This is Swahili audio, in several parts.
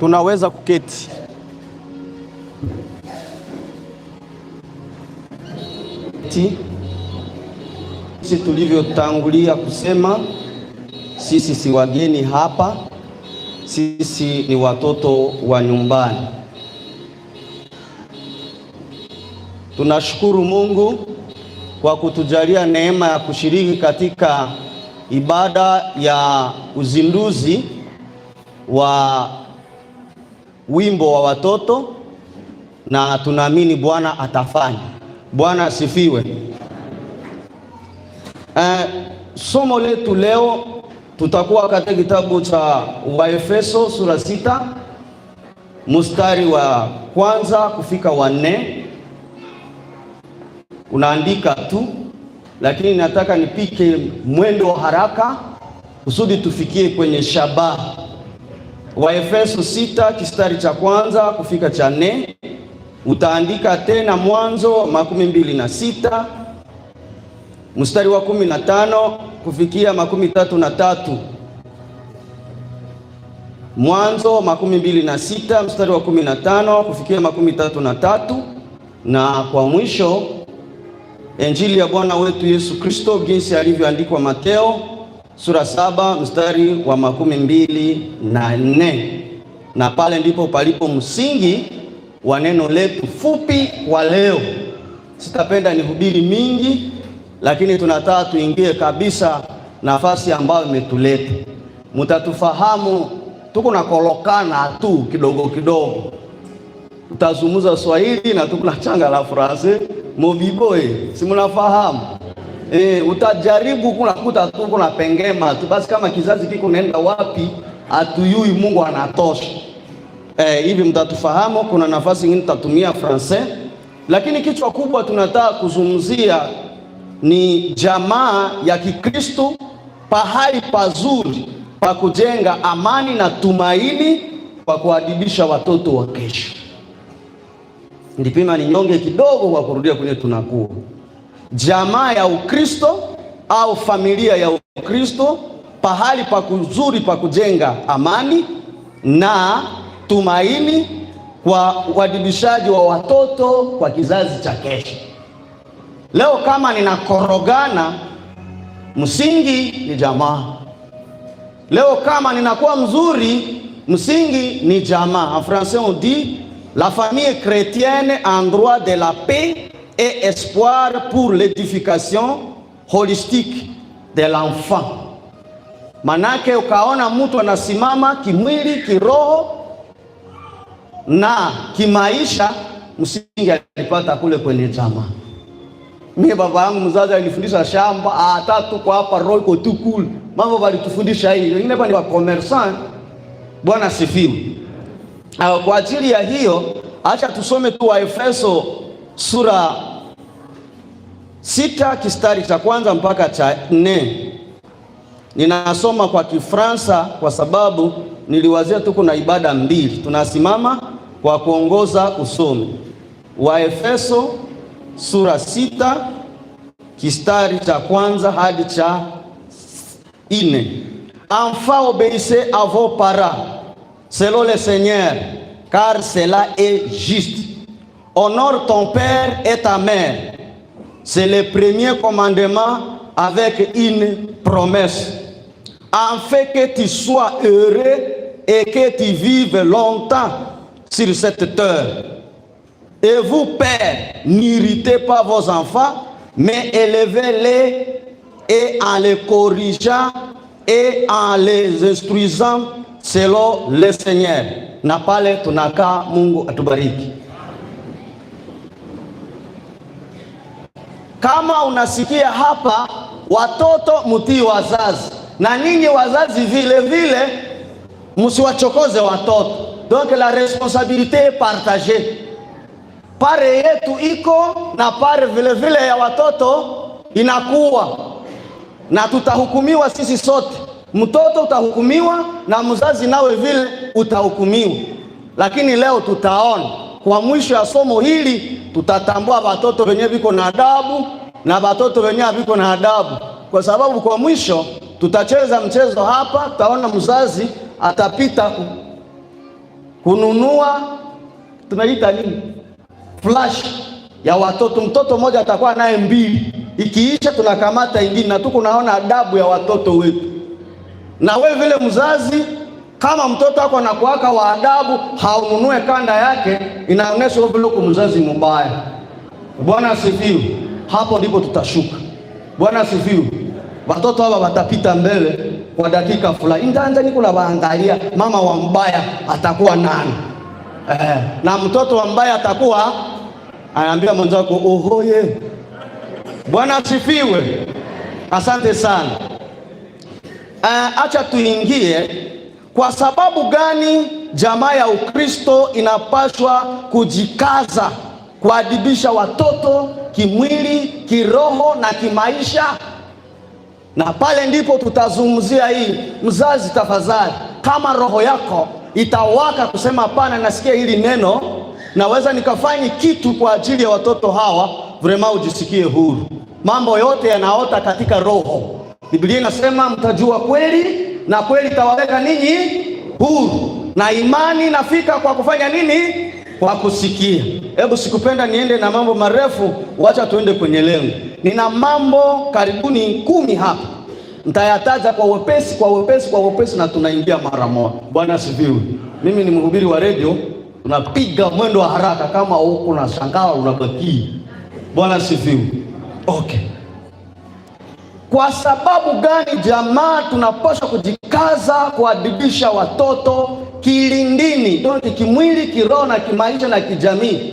tunaweza kuketi. Sisi tulivyotangulia kusema, sisi si wageni hapa, sisi ni watoto wa nyumbani. Tunashukuru Mungu kwa kutujalia neema ya kushiriki katika ibada ya uzinduzi wa wimbo wa watoto, na tunaamini Bwana atafanya. Bwana asifiwe. Eh, somo letu leo tutakuwa katika kitabu cha Waefeso sura sita mstari wa kwanza kufika wa nne. Unaandika tu, lakini nataka nipike mwendo wa haraka kusudi tufikie kwenye shabaha Waefeso sita kistari cha kwanza kufika cha nne. Utaandika tena Mwanzo makumi mbili na sita mstari wa kumi na tano kufikia makumi tatu na tatu. Mwanzo makumi mbili na sita mstari wa kumi na tano kufikia makumi tatu na tatu, na kwa mwisho Injili ya Bwana wetu Yesu Kristo jinsi alivyoandikwa Mateo sura saba mstari wa makumi mbili na nne na pale ndipo palipo msingi wa neno letu fupi wa leo. Sitapenda nihubiri mingi, lakini tunataka tuingie kabisa nafasi ambayo imetuleta. Mtatufahamu, tuko na kolokana tu kidogo kidogo, tutazungumza Swahili na tuko na changa la France mobiboe, si mnafahamu Eh, utajaribu kunakuta tu kuna pengema tu basi. Kama kizazi kiko naenda wapi atuyui, Mungu anatosha. Eh, hivi mtatufahamu. Kuna nafasi nyingine tutatumia francais, lakini kichwa kubwa tunataka kuzungumzia ni jamaa ya Kikristo, pahali pazuri pa kujenga amani na tumaini kwa kuadibisha watoto wa kesho. Ndipima ni nyonge kidogo kwa kurudia kwenye tunakuwa jamaa ya Ukristo au familia ya Ukristo, pahali pa kuzuri pa kujenga amani na tumaini kwa uadibishaji wa watoto kwa kizazi cha kesho. Leo kama ninakorogana, msingi ni jamaa. Leo kama ninakuwa mzuri, msingi ni jamaa. En français on dit la famille chrétienne en droit de la paix et espoir pour l'édification holistique de l'enfant. Manake ukaona mtu anasimama kimwili, kiroho na kimaisha, msingi alipata kule kwenye jamaa. Mimi baba yangu mzazi alifundisha shamba, hata ah, tuko hapa roho iko tu cool. Mambo walitufundisha hii. Wengine hapa ni wa commerçant. Bwana sifiwe. Ah, kwa ajili ya hiyo, acha tusome tu Waefeso sura sita kistari cha kwanza mpaka cha nne. Ninasoma kwa Kifransa kwa sababu niliwazia tu kuna ibada mbili tunasimama kwa kuongoza usomi. wa efeso sura sita kistari cha kwanza hadi cha ine. Enfants obéissez à vos parents selon le Seigneur car cela est juste. Honore ton père et ta mère C'est le premier commandement avec une promesse. En fait que tu sois heureux et que tu vives longtemps sur cette terre. Et vous, pères, n'irritez pas vos enfants, mais élevez-les et en les corrigeant et en les instruisant selon le Seigneur. Napale tunaka Mungu atubariki. Kama unasikia hapa, watoto mtii wazazi, na ninyi wazazi vile vile msiwachokoze watoto. Donc la responsabilité est partagée, pare yetu iko na pare vile vile ya watoto inakuwa, na tutahukumiwa sisi sote. Mtoto utahukumiwa na mzazi, nawe vile utahukumiwa, lakini leo tutaona kwa mwisho ya somo hili tutatambua watoto wenye viko na adabu na watoto wenye haviko na adabu, kwa sababu kwa mwisho tutacheza mchezo hapa, tutaona mzazi atapita kununua tunaita nini, flash ya watoto. Mtoto mmoja atakuwa naye mbili, ikiisha tunakamata ingine, na tuko naona adabu ya watoto wetu, na wewe vile mzazi kama mtoto wako anakuwaka wa adabu, haununue kanda yake, inaonyesha uko mzazi mubaya. Bwana asifiwe. Hapo ndipo tutashuka. Bwana asifiwe. Watoto hawa watapita mbele kwa dakika fulani, ndanza niko na waangalia, mama wa mbaya atakuwa nani? Eh, na mtoto wa mbaya atakuwa anaambia mwenzako ohoye. Bwana asifiwe. Asante sana. Uh, acha tuingie kwa sababu gani jamaa ya Ukristo inapaswa kujikaza kuadibisha watoto kimwili, kiroho na kimaisha? Na pale ndipo tutazungumzia hii. Mzazi tafadhali, kama roho yako itawaka kusema hapana, nasikia hili neno, naweza nikafanya kitu kwa ajili ya watoto hawa, vrema ujisikie huru. Mambo yote yanaota katika roho. Biblia inasema mtajua kweli na kweli tawaweka ninyi huru. Na imani inafika kwa kufanya nini? Kwa kusikia. Hebu sikupenda niende na mambo marefu, wacha tuende kwenye lengo. Nina mambo karibuni kumi hapa, nitayataja kwa wepesi kwa wepesi kwa wepesi, na tunaingia mara moja. Bwana asifiwe. Mimi ni mhubiri wa redio, tunapiga mwendo wa haraka. Kama huko na shangaa, unabaki. Bwana asifiwe. Okay. Kwa sababu gani jamaa tunapaswa kujikaza kuadibisha watoto kilindini, donc kimwili, kiroho na kimaisha na kijamii?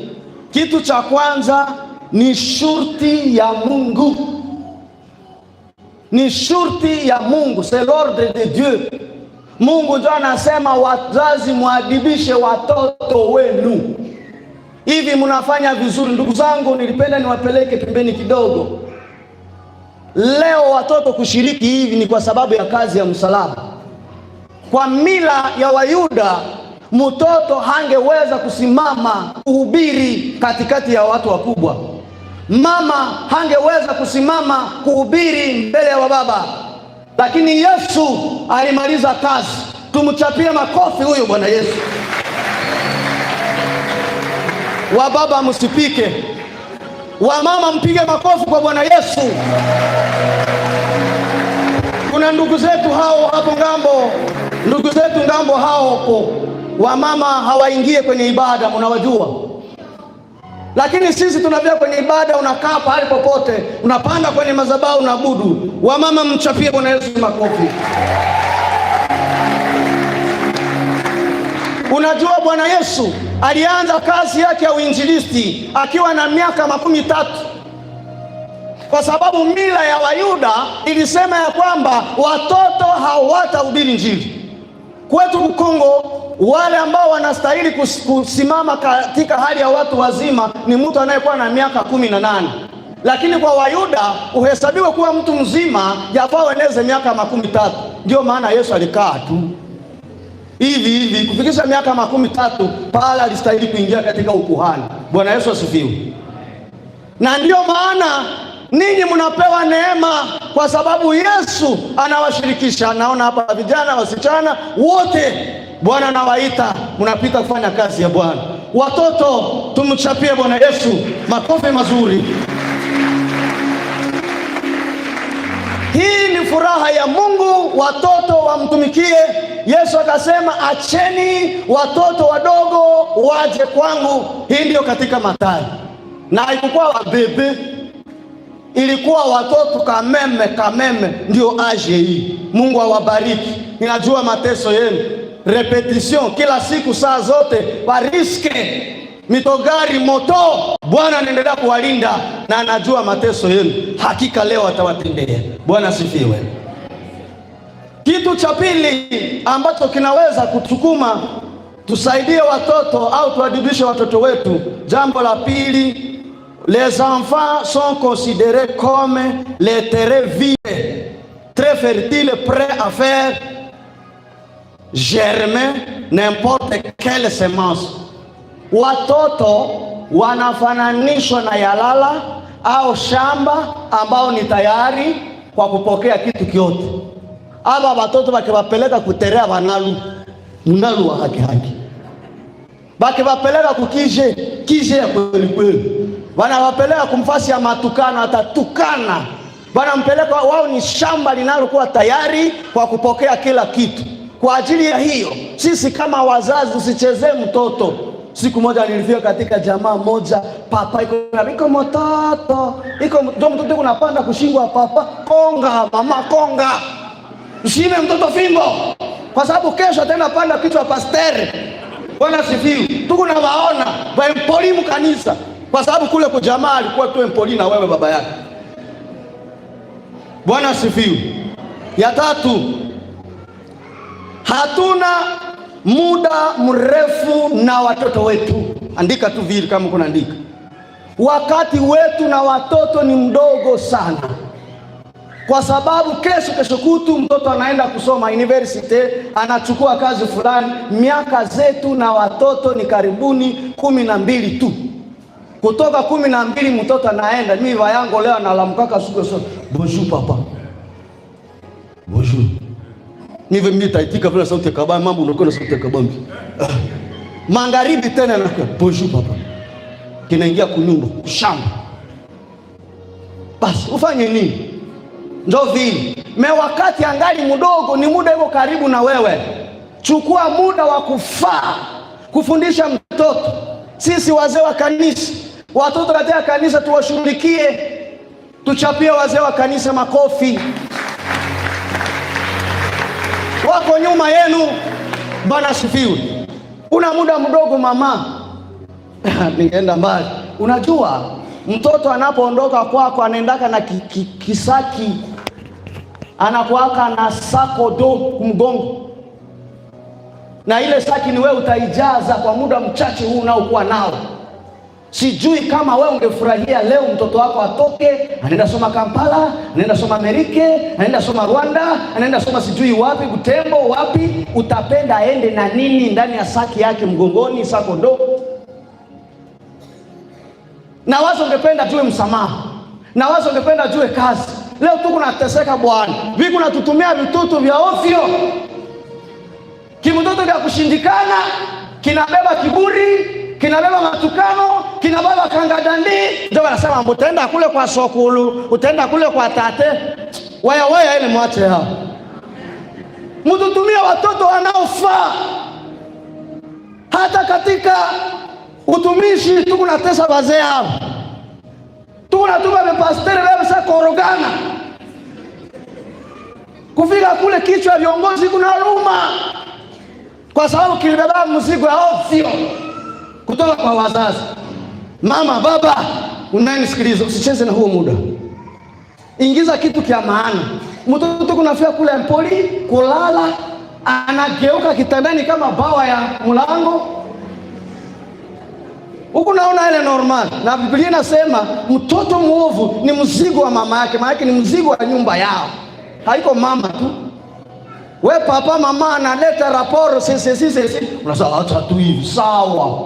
Kitu cha kwanza ni shurti ya Mungu, ni shurti ya Mungu, c'est l'ordre de Dieu. Mungu ndio anasema wazazi, mwadibishe watoto wenu. Hivi mnafanya vizuri? Ndugu zangu, nilipenda niwapeleke pembeni kidogo Leo watoto kushiriki hivi ni kwa sababu ya kazi ya msalaba. Kwa mila ya Wayuda, mtoto hangeweza kusimama kuhubiri katikati ya watu wakubwa. Mama hangeweza kusimama kuhubiri mbele ya wababa, lakini Yesu alimaliza kazi. Tumchapie makofi huyo Bwana Yesu. Wababa msipike. Wamama mpige makofi kwa Bwana Yesu. Kuna ndugu zetu hao hapo ngambo, ndugu zetu ngambo hao hapo, wamama hawaingie kwenye ibada, mnawajua. Lakini sisi tunavia kwenye ibada, unakaa pahali popote, unapanda kwenye madhabahu na budu. Wamama mchapie Bwana Yesu makofi. Unajua Bwana Yesu Alianza kazi yake ya uinjilisti akiwa na miaka makumi tatu kwa sababu mila ya Wayuda ilisema ya kwamba watoto hawatahubiri Injili. Kwetu Mkongo, wale ambao wanastahili kusimama katika hali ya watu wazima ni mtu anayekuwa na miaka kumi na nane, lakini kwa Wayuda uhesabiwe kuwa mtu mzima japo ueneze miaka makumi tatu. Ndiyo maana Yesu alikaa tu hivi hivi kufikisha miaka makumi tatu pahala alistahili kuingia katika ukuhani. Bwana Yesu asifiwe. Na ndiyo maana ninyi mnapewa neema kwa sababu Yesu anawashirikisha. Naona hapa vijana wasichana wote, Bwana anawaita, mnapita kufanya kazi ya Bwana. Watoto, tumchapie Bwana Yesu makofi mazuri. Hii furaha ya Mungu watoto wamtumikie Yesu. Akasema, acheni watoto wadogo waje kwangu. Hii ndiyo katika Mathayo, na haikukuwa wabebe, ilikuwa watoto kameme kameme, ndio aje hii. Mungu awabariki. Ninajua mateso yenu repetition kila siku saa zote, wariske mitogari moto. Bwana anaendelea kuwalinda na anajua mateso yenu, hakika leo atawatendea. Bwana asifiwe. Kitu cha pili ambacho kinaweza kutukuma tusaidie watoto au tuadibishe watoto wetu, jambo la pili Les enfants sont considérés comme les terres vives, très fertiles, prêts à faire germer n'importe quelle semence watoto wanafananishwa na yalala au shamba ambao ni tayari kwa kupokea kitu kyote. Aba watoto wakiwapeleka kuterea wanalu mnalu wa haki haki, wakiwapeleka kukije kije ya kweli kweli, banawapeleka kumfasi ya matukana, atatukana wanampeleka wao. Ni shamba linalokuwa tayari kwa kupokea kila kitu. Kwa ajili ya hiyo, sisi kama wazazi, usichezee mtoto. Siku moja nilifika katika jamaa moja, papa iko iko mototo iko ndio mtoto iko kushingwa, papa konga, mama konga, mshime mtoto fimbo, kwa sababu kesho tena panda kichwa pasteri. Bwana sifiu, tuko na waona wa empolimu kanisa, kwa sababu kule kwa jamaa alikuwa tu empoli na wewe baba yake. Bwana sifiu. Ya tatu hatuna muda mrefu na watoto wetu. Andika tu vile kama kuna andika, wakati wetu na watoto ni mdogo sana, kwa sababu kesho kesho kutu mtoto anaenda kusoma university, anachukua kazi fulani. Miaka zetu na watoto ni karibuni kumi na mbili tu kutoka kumi na mbili mtoto anaenda. Mimi vayango leo analamkaka suku so bonjour papa Hivyo mimi nitaitika vile sauti ya kabambi, mambo unakuwa na sauti ya kabambi. Ah. Magharibi tena na bonjour papa. Kinaingia kunyumba, kushamba. Basi ufanye nini? Ndio vile. Me wakati angali mdogo ni muda yuko karibu na wewe. Chukua muda wa kufaa kufundisha mtoto. Sisi wazee wa kanisa, watoto katika kanisa tuwashughulikie. Tuchapie wazee wa kanisa makofi wako nyuma yenu. Bwana sifiwe. Una muda mdogo mama, ningeenda mbali. Unajua mtoto anapoondoka kwako anaendaka na kisaki, anakuaka na sako do mgongo, na ile saki ni wewe utaijaza kwa muda mchache huu unaokuwa nao Sijui kama wewe ungefurahia leo mtoto wako atoke anaenda soma Kampala, anaenda soma Amerika, anaenda soma Rwanda, anaenda soma sijui wapi, Butembo wapi. Utapenda aende na nini ndani ya saki yake mgongoni, sako ndo Na wazo ungependa ajue msamaha, na wazo ungependa jue kazi. Leo tu kunateseka bwana, viku natutumia vitutu vya ovyo, kimtoto vya kushindikana, kinabeba kiburi kina matukano, kina beba kangadandi, ndio wanasema mtaenda kule kwa sokulu, utaenda kule kwa tate. Waya waya ile mwache hao, mtutumia watoto wanaofaa. Hata katika utumishi tukunatesa wazee hao, tukunatuma vipasteri vavisa korogana kufika kule, kichwa ya viongozi kunaluma kwa sababu kilibeba mzigo ya ovyo kutoka kwa wazazi. Mama, baba, unanisikiliza, usicheze na huo muda, ingiza kitu kya maana. Mtoto kunafia kule mpoli kulala, anageuka kitandani kama bawa ya mlango huku, naona ile normal. Na Biblia inasema mtoto mwovu ni mzigo wa mama yake, maana yake ni mzigo wa nyumba yao, haiko mama tu We papa mama analeta raporo sisi sisi sisi, unasema acha tu hivi sawa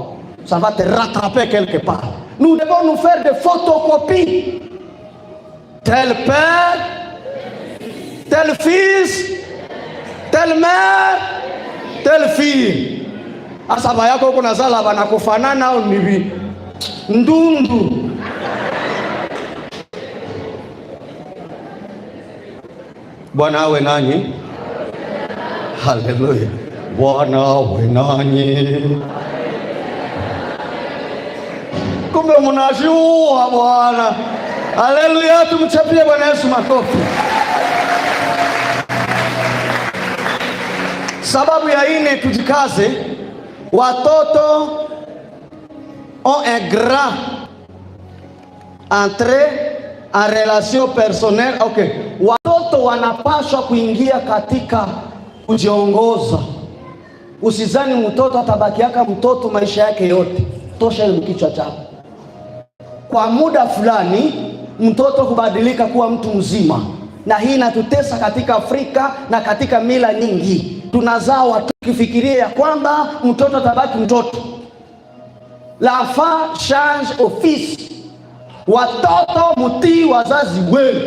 ça va te rattraper quelque part. Nous devons nous faire des photocopies. Tel père, tel fils, tel mère, tel fille. Asaba ah, yako kunazala banakufanana au nivi ndundu Bwana awe nanyi. Haleluya. Bwana awe nanyi kumbe mnajua Bwana. Haleluya, tumchapie Bwana Yesu makofi. Sababu ya ine, tujikaze watoto ont un grand entre en relation personnelle. Okay, watoto wanapashwa kuingia katika kujiongoza. Usizani mtoto atabakiaka mtoto maisha yake yote. Tosha ile mkichwa chako kwa muda fulani mtoto kubadilika kuwa mtu mzima, na hii inatutesa katika Afrika na katika mila nyingi. Tunazaa watu kifikiria ya kwamba mtoto atabaki mtoto. L'enfant change office, watoto mutii wazazi wenu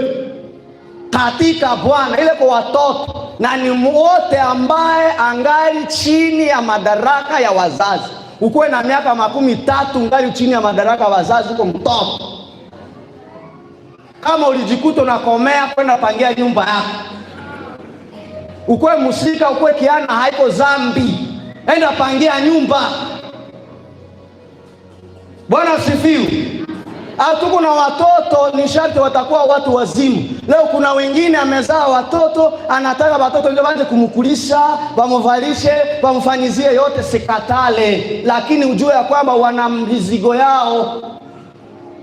katika Bwana ile kwa watoto na ni wote ambaye angali chini ya madaraka ya wazazi ukuwe na miaka makumi tatu ngali chini ya madaraka wazazi, uko mtoto. Kama ulijikuta unakomea kwenda pangia nyumba yako, ukuwe musika, ukuwe kiana, haiko zambi, enda pangia nyumba. Bwana sifiu. Hatuko na watoto, ni sharti watakuwa watu wazimu. Leo kuna wengine amezaa watoto, anataka watoto ndio waanze kumkulisha, wamuvalishe, wamfanyizie yote, sikatale, lakini ujue ya kwamba wana mizigo yao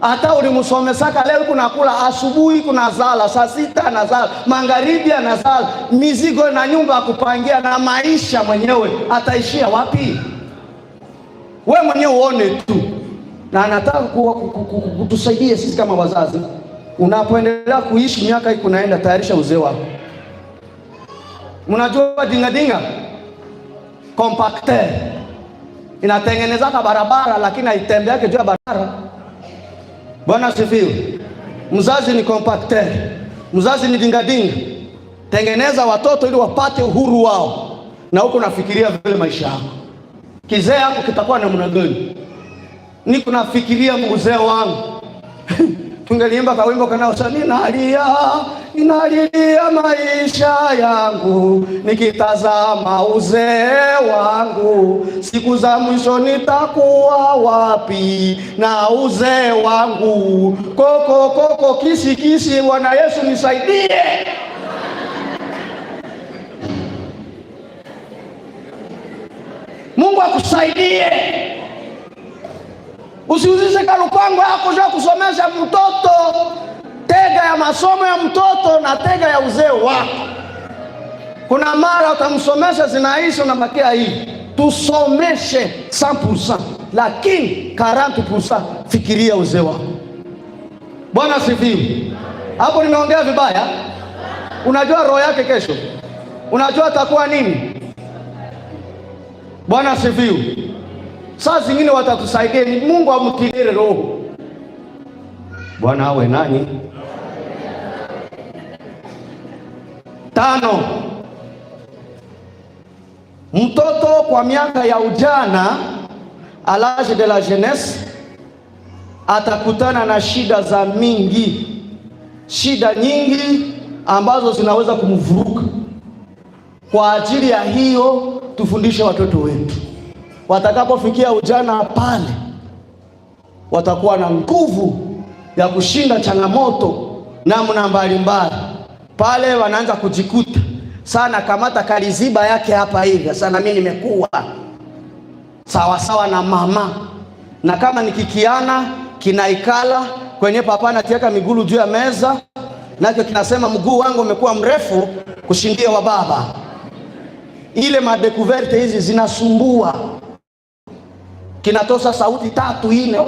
hata ulimsomesaka leo, kuna kula asubuhi, kuna zala saa sita, anazala magharibi, anazala mizigo na nyumba ya kupangia na maisha mwenyewe, ataishia wapi? We mwenyewe uone tu na anataka kutusaidia sisi kama wazazi. Unapoendelea kuishi miaka hii kunaenda tayarisha uzee wako. Mnajua dingadinga compacteur inatengenezaka barabara, lakini yake juu ya barabara. Bwana sifiwe. Mzazi ni compacteur, mzazi ni dingadinga. Tengeneza watoto ili wapate uhuru wao, na huko nafikiria vile maisha yako kizee yako kitakuwa namna gani? niko nafikiria mzee wangu tungeliimba kawimbo kanao sasa, ninalia ninalilia maisha yangu, nikitazama uzee wangu, siku za mwisho nitakuwa wapi na uzee wangu? Koko koko kisi kisi, Bwana Yesu nisaidie. Mungu akusaidie. Usiuzishe kalupango yako ja kusomesha mtoto, tega ya masomo ya mtoto na tega ya uzee wako. Kuna mara utamsomesha zinaisha na makia hii, tusomeshe 100% lakini 40% fikiria uzee wako. Bwana sifiwe. Hapo nimeongea vibaya? Unajua roho yake kesho, unajua atakuwa nini? Bwana sifiwe saa zingine watatusaidia. Ni Mungu amtilie roho. Bwana awe nani Tano, mtoto kwa miaka ya ujana alage de la jeunesse atakutana na shida za mingi, shida nyingi ambazo zinaweza kumvuruka. Kwa ajili ya hiyo, tufundishe watoto wetu watakapofikia ujana pale watakuwa na nguvu ya kushinda changamoto namna mbalimbali. Pale wanaanza kujikuta sana, kamata kaliziba yake hapa hivi sana, mimi nimekuwa sawasawa na mama, na kama nikikiana kinaikala kwenye papa, natiaka migulu juu ya meza, nacho kinasema mguu wangu umekuwa mrefu kushindia wa baba. Ile madekuverte hizi zinasumbua kinatosa sauti tatu ine,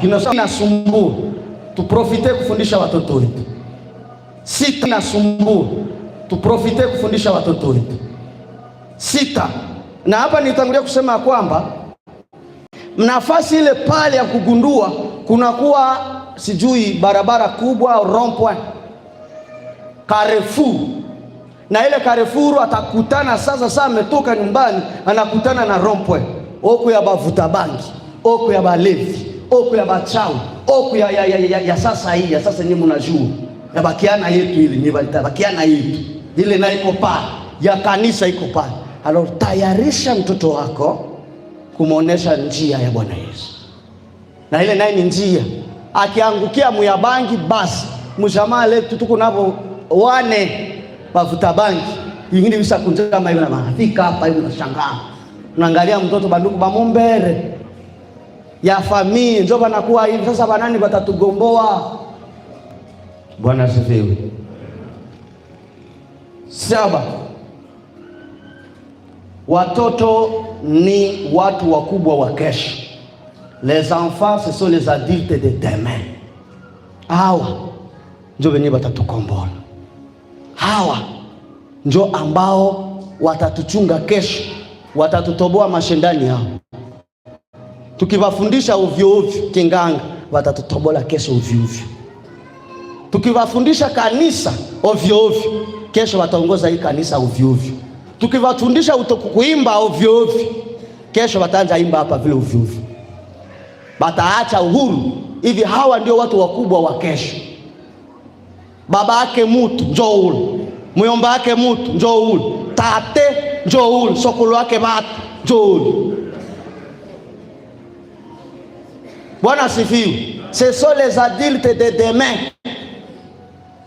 kinasumbua. Tuprofite kufundisha watoto wetu sita, inasumbua. Tuprofite kufundisha watoto wetu sita. Na hapa nitangulia kusema kwamba nafasi ile pale ya kugundua kunakuwa sijui barabara kubwa rompoint, Carrefour na ile karefuru atakutana sasa. Saa ametoka nyumbani, anakutana na rompwe oku ya bavuta bangi, oku ya balevi, oku ya bachau, oku ya, ya, ya, ya, ya sasa hii ya sasa, nyinyi mnajua ya bakiana yetu ile ni bakiana yetu ile, na iko pale ya kanisa iko pale. Alo, tayarisha mtoto wako kumwonesha njia ya Bwana Yesu, na ile naye ni njia. Akiangukia muyabangi, basi mjamaa letu tuko navo wane wavuta bangi ingine visakunjama hiyo na marafiki hapa hiyo, nashangaa unaangalia mtoto banduku mumbere ya famii njo banakuwa hivi sasa, banani batatugomboa. Bwana sifiwe Saba, watoto ni watu wakubwa wa kesho. Les enfants ce sont les adultes de demain. awa njo benye batatukombola hawa ndio ambao watatuchunga kesho, watatutoboa mashindani yao. tukivafundisha ovyo ovyo kinganga, watatutobola kesho ovyo ovyo. Tukivafundisha kanisa ovyo ovyo, kesho wataongoza hii kanisa ovyo ovyo. Tukivafundisha utokuimba ovyo ovyo, kesho wataanza imba hapa vile ovyo ovyo, bataacha uhuru hivi. Hawa ndio watu wakubwa wa kesho. Baba yake mutu njo ule muyomba wake mutu njouli tate njouli sokulu wake batu njouli. Bwana asifiwe. Ce sont les adultes de demain.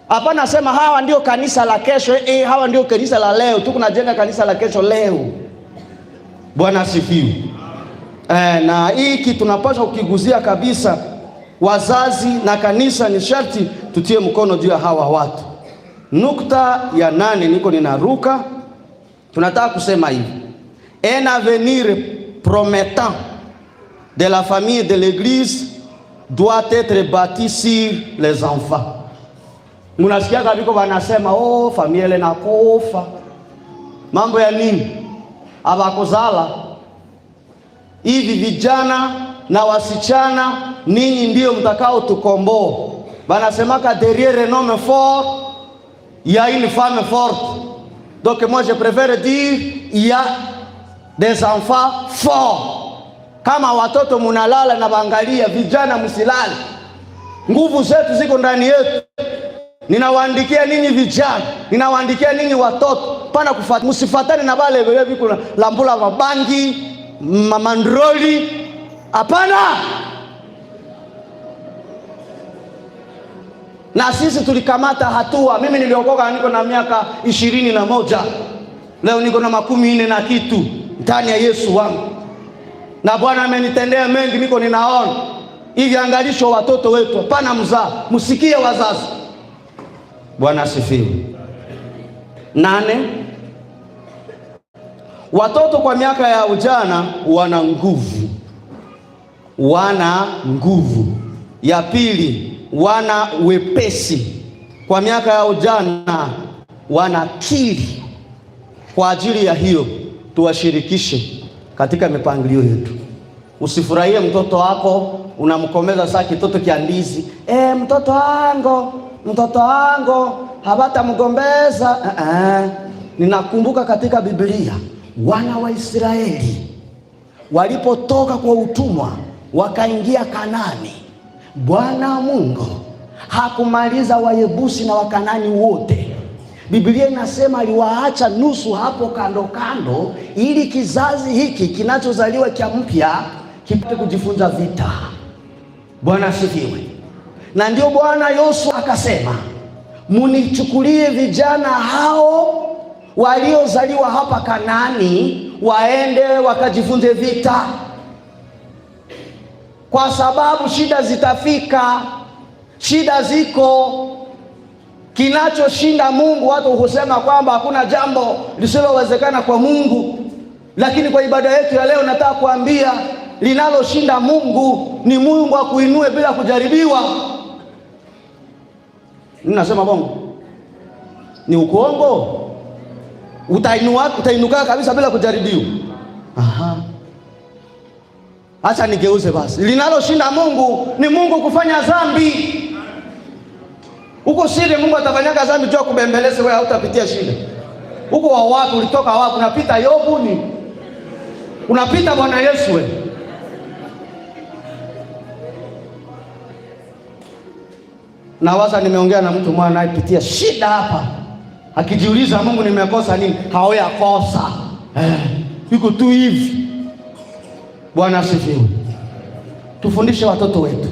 Hapa nasema hawa ndio kanisa la kesho e, hawa ndio kanisa la leo. najenga kanisa la kesho leo. Bwana asifiwe. Eh, na hiki tunapaswa kukiguzia kabisa. Wazazi na kanisa ni sharti tutie mkono juu ya hawa watu. Nukta ya nane niko ninaruka, tunataka kusema hivi: un avenir promettant de la famille de l'église doit être bâti sur les enfants. Munasikia kaviko vanasema oh, familia ile nakufa, mambo ya nini avakozala hivi. Vijana na wasichana, ninyi ndio mtakao tukomboa. Vanasemaka derrière nome fort Il y a une femme forte. Donc moi je préfère dire il y a des enfants forts. Kama watoto munalala na bangalia, vijana musilale nguvu zetu ziko ndani yetu. Ninawaandikia ninyi vijana, ninawaandikia ninyi watoto, pana kufuata, msifuatane na bale wewe biko lambula mabangi, mamandroli, hapana. na sisi tulikamata hatua. Mimi niliokoka niko na miaka ishirini na moja leo niko na makumi nne na kitu ndani ya Yesu wangu, na Bwana amenitendea mengi, niko ninaona hivi. Angalisho watoto wetu, hapana mzaa, msikie wazazi. Bwana asifiwe. Nane, watoto kwa miaka ya ujana wana nguvu, wana nguvu. Ya pili wana wepesi kwa miaka yao jana, wana kili kwa ajili ya hiyo, tuwashirikishe katika mipangilio yetu. Usifurahie mtoto wako unamkomeza saa kitoto kia ndizi e, mtoto wangu mtoto wangu hawatamgombeza. uh eh, -uh. Eh. Ninakumbuka katika Biblia wana wa Israeli walipotoka kwa utumwa wakaingia Kanani Bwana Mungu hakumaliza Wayebusi na Wakanani wote. Biblia inasema aliwaacha nusu hapo kando kando, ili kizazi hiki kinachozaliwa cha mpya kipate kujifunza vita. Bwana asifiwe. Na ndio Bwana Yosua akasema, munichukulie vijana hao waliozaliwa hapa kanani waende wakajifunze vita kwa sababu shida zitafika, shida ziko. Kinachoshinda Mungu, watu husema kwamba hakuna jambo lisilowezekana kwa Mungu, lakini kwa ibada yetu ya leo nataka kuambia linaloshinda Mungu ni Mungu akuinue bila kujaribiwa. Ninasema bongo ni ukongo, utainuka kabisa bila kujaribiwa. Aha. Acha nigeuze basi, linaloshinda Mungu ni Mungu kufanya dhambi. Huko shida Mungu atafanyaga dhambi tu akubembeleze wewe, hautapitia shida huko. Wa wapi ulitoka? Wapi unapita? Yobu ni unapita Bwana Yesu we. Nawaza nimeongea na mtu mwana anayepitia shida hapa, akijiuliza Mungu, nimekosa nini? Haoya kosa eh, iko tu hivi Bwana asifiwe. Tufundishe watoto wetu,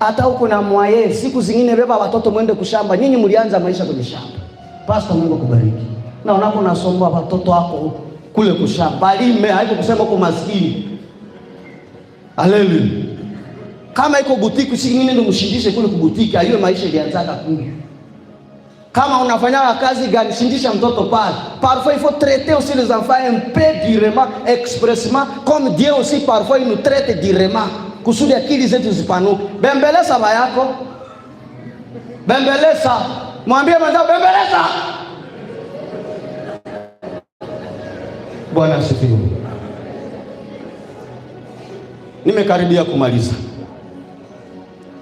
hata huko na mwaye, siku zingine beba watoto mwende kushamba. Nyinyi mlianza maisha kwenye shamba. Pastor, Mungu akubariki na unapo nasomba watoto wako kule kushamba, alime haiko kusema uko maskini. Haleluya! kama iko butiki, siku nyingine ndio mshindishe kule kubutiki, ayo maisha ilianzaka kule kama unafanya kazi gani, shindisha mtoto pale. Parfois il faut traiter aussi les enfants un peu durement, expressement, comme Dieu aussi parfois il nous traite durement, kusudi akili zetu zipanuke. Bembeleza baba yako, bembeleza, mwambie mwenzako bembeleza. Bwana asifiwe. Nimekaribia kumaliza.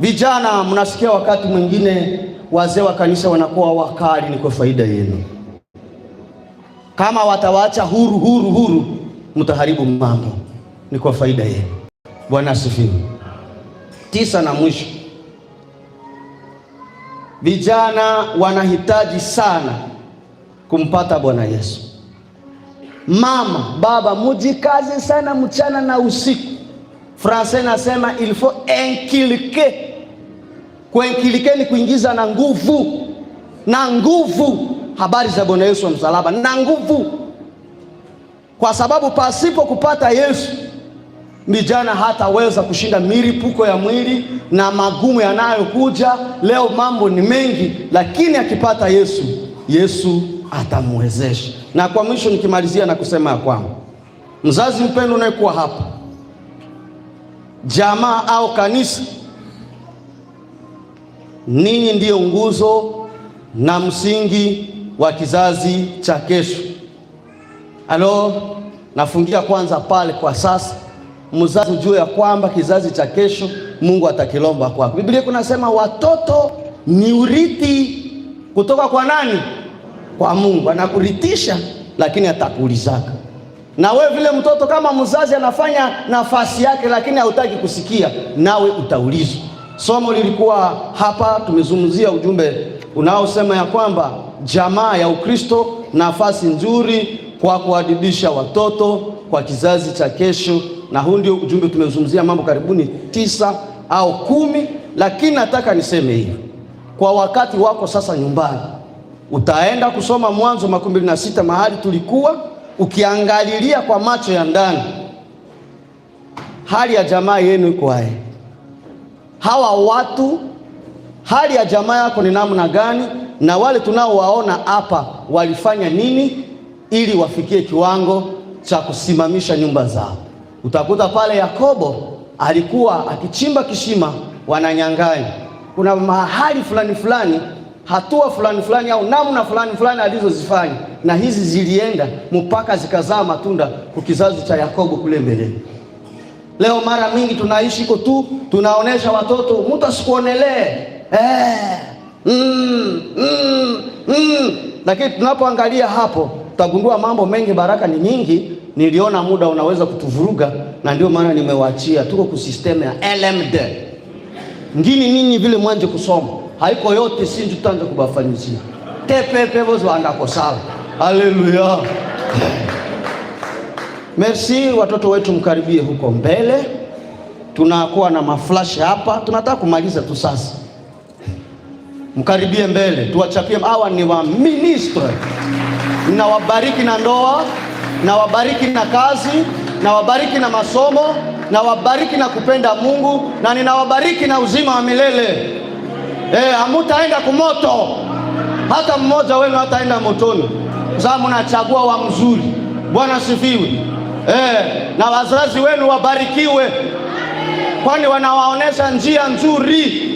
Vijana, mnasikia wakati mwingine wazee wa kanisa wanakuwa wakali, ni kwa faida yenu. Kama watawaacha huru huru huru, mtaharibu mambo, ni kwa faida yenu. Bwana asifiwe. Tisa na mwisho, vijana wanahitaji sana kumpata Bwana Yesu. Mama baba, mujikaze sana mchana na usiku. francais nasema il faut inculquer kuenkilikeni kuingiza na nguvu na nguvu habari za Bwana Yesu wa msalaba na nguvu, kwa sababu pasipo kupata Yesu Mijana hataweza kushinda milipuko ya mwili na magumu yanayokuja. Leo mambo ni mengi, lakini akipata Yesu, Yesu atamwezesha. Na kwa mwisho nikimalizia na kusema ya kwamba mzazi mpendwa, unayekuwa hapa, jamaa au kanisa Ninyi ndiyo nguzo na msingi wa kizazi cha kesho. Halo, nafungia kwanza pale kwa sasa. Mzazi juu ya kwamba kizazi cha kesho Mungu atakilomba kwako. Biblia kunasema watoto ni urithi kutoka kwa nani? Kwa Mungu. Anakuritisha lakini atakuulizaka na we vile mtoto, kama mzazi anafanya nafasi yake, lakini hautaki kusikia, nawe utaulizwa. Somo lilikuwa hapa, tumezungumzia ujumbe unaosema ya kwamba jamaa ya Ukristo, nafasi nzuri kwa kuadibisha watoto kwa kizazi cha kesho, na huu ndio ujumbe tumezungumzia mambo karibuni tisa au kumi. Lakini nataka niseme hivi kwa wakati wako sasa nyumbani, utaenda kusoma Mwanzo makumi mbili na sita mahali tulikuwa, ukiangalilia kwa macho ya ndani, hali ya jamaa yenu iko hawa watu hali ya jamaa yako ni namna gani, na wale tunaowaona hapa walifanya nini ili wafikie kiwango cha kusimamisha nyumba zao. Utakuta pale Yakobo alikuwa akichimba kishima, wananyang'anya. Kuna mahali fulani fulani, hatua fulani fulani, au namna fulani fulani alizozifanya, na hizi zilienda mpaka zikazaa matunda kwa kizazi cha Yakobo kule mbeleni. Leo mara mingi tunaishi ko tu tunaonesha watoto mtu asikuonelee eh, mm, mm, mm. Lakini tunapoangalia hapo tutagundua mambo mengi, baraka ni nyingi. Niliona muda unaweza kutuvuruga, na ndio maana nimewaachia. Tuko ku system ya LMD ngini nini vile mwanje kusoma haiko yote sinjutanza kubafanyizia tepepe vozo andakosala. Haleluya! Merci, watoto wetu mkaribie huko mbele. Tunakuwa na maflash hapa, tunataka kumaliza tu sasa. Mkaribie mbele, tuwachapie. Hawa ni wa ministre, nawabariki na ndoa, nawabariki na kazi, nawabariki na masomo, nawabariki na kupenda Mungu, na ninawabariki na uzima wa milele. Eh, hamutaenda kumoto, hata mmoja wenu hataenda motoni, kwa sababu mnachagua wa mzuri. Bwana sifiwe eh, na wazazi wenu wabarikiwe, kwani wanawaonesha njia nzuri.